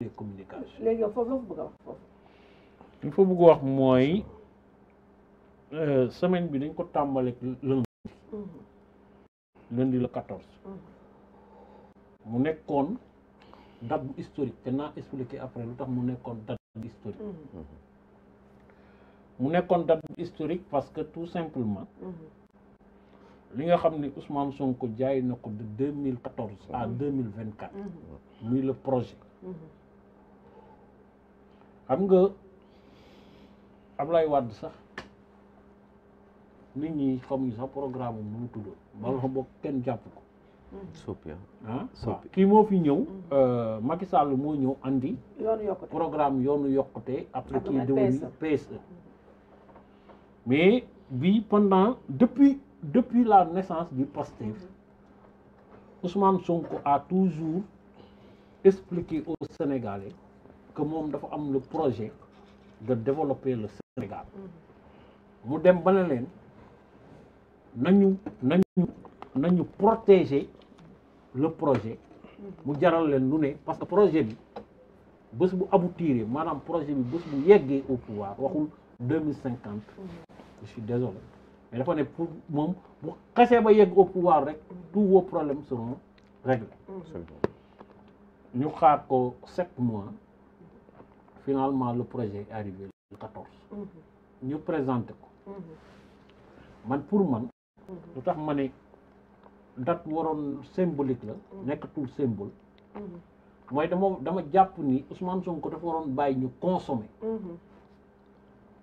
les communications léegi yow foofu la ko bëgg a wax foofu. il faut bëgg wax mooy semaine bi dañ ko tàmbaleeg lundi. Mhm. lundi le quatorze. Mhm. mu nekkoon date bu historique te naa expliqué après lu mu date mhm. mu date historique parce que tout simplement. li nga Ousmane Sonko jaay ko de deux mille quatorze à deux mille vingt quatre. le projet. xam nga Ablaye Wade sax nit ñi xamuñu sax programme am nu mu tudd bala ko bokk kenn jàpp ko. soppi ah, ah soppi kii moo fi ñëw. Mm. Euh, Macky Sall moo ñëw andi. yoonu yokkute programme yoonu yokkute. après kii déwén PSE e. mais bi pendant depuis depuis la naissance du Pastef mm-hmm. Ousmane Sonko a toujours expliqué aux Sénégalais que mom dafa am le projet de développer le Sénégal mu dem ba nañu nañu nañu protéger le projet mu jaral len lu parce que projet bi vous bu le manam projet bi bëss bu au pouvoir waxul 2050 je suis désolé mais dafa ne pour mom bu xasee ba yegg au pouvoir rek tous vos problèmes seront réglés ñu xaar ko sept mois finalement le projet est arrivé le 14. Mhm. ñu présenté ko. Mhm. man pour man. Mhm. lu tax ma ne date waroon symbolique la. nekkatul symbole. mooy dama dama jàpp ni Ousmane Sonko dafa waroon bàyyi ñu consommer.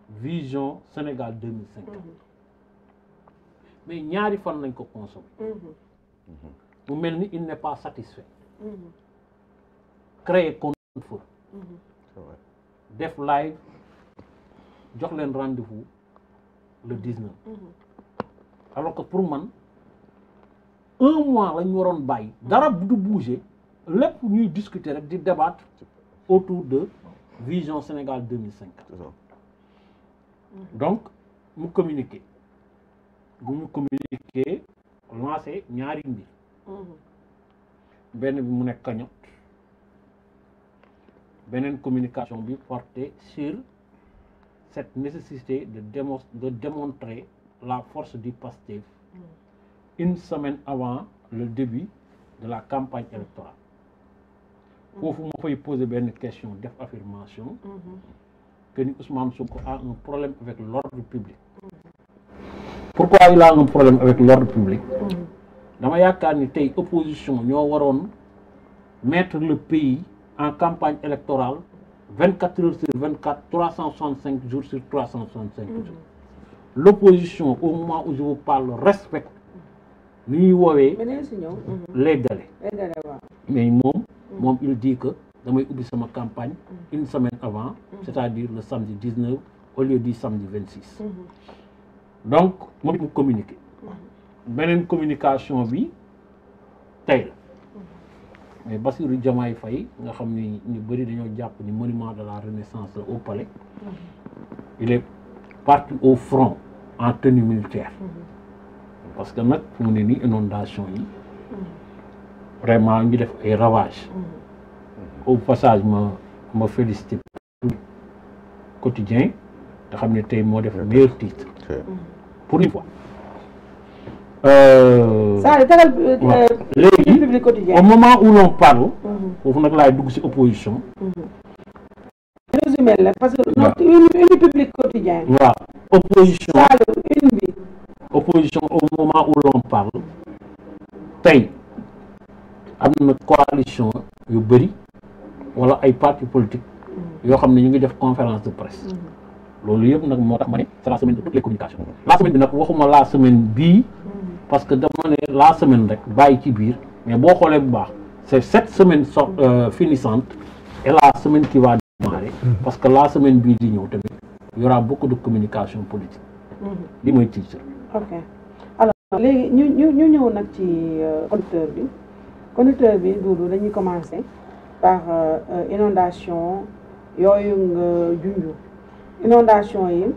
vision Sénégal deux mille mais ñaari fan lañ ko consommer. mu mel ni il n'est pas satisfait. créer contre. def live jox un rendez-vous le 19. Mhm. alors que pour moi un mois la ñu waroon bàyyi. dara mhm. du bouger lépp ñuy discuter rek débattre autour de vision Sénégal 2050. Mhm. donc mu communiqué bu mu communiqué lancé ñaari mbir. benn bi mu une communication bi porté sur cette nécessité de démontrer la force du PASTEF une semaine avant le début de la campagne électorale Il faut poser une question def affirmation mm-hmm. que ni Ousmane Sonko a un problème avec l'ordre public mm-hmm. pourquoi il a un problème avec l'ordre public mm-hmm. dama yaakaar ni l'opposition opposition nous waroon mettre le pays campagne électorale 24 heures sur 24, 365 jours sur 365 mhm. jours. L'opposition, au moment où je vous parle, respecte mhm. les délais. Mais il dit que dans ma campagne mhm. une semaine avant, c'est-à-dire le samedi 19 au lieu du samedi 26. Donc, moi, je communiquer. une communication, oui, telle mais Basirou Diomaye nous nga xamni ni ñu bari dañu japp ni monument de la renaissance au palais mhm. il est parti au front en tenue militaire mhm. parce que notre mu ni inondation yi mhm. vraiment ñu def ay ravages au passage ma ma félicité quotidien te xamni tay mo def le meilleur titre pour une fois. Euh, République quotidienne au moment où l'on parle. Mhm. foofu nag laay dugg si opposition. Mhm. résumé là parce que. waaw une une République quotidienne. waaw opposition Saloum une bi. opposition au moment où l'on parle tey am na coalition yu bëri wala ay parti politique il mhm. xam ne ñu ngi def conférence de presse. loolu yëpp nag moo tax c'est la semaine de toutes les communications la semaine bi nag waxuma la semaine bii parce que demain ne la semaine rek bàyyi ci biir mais bon, xoolee bu c'est cette semaine so euh, finissante et la semaine qui va démarrer mm-hmm. parce que la semaine bii di ñëw tamit y aura beaucoup de communication politique mm-hmm. li mooy ok alors les ñu ñu ñu ñëw ci euh, conducteur bi conducteur bi avons dañuy commencer par euh, inondation y a une inondation yi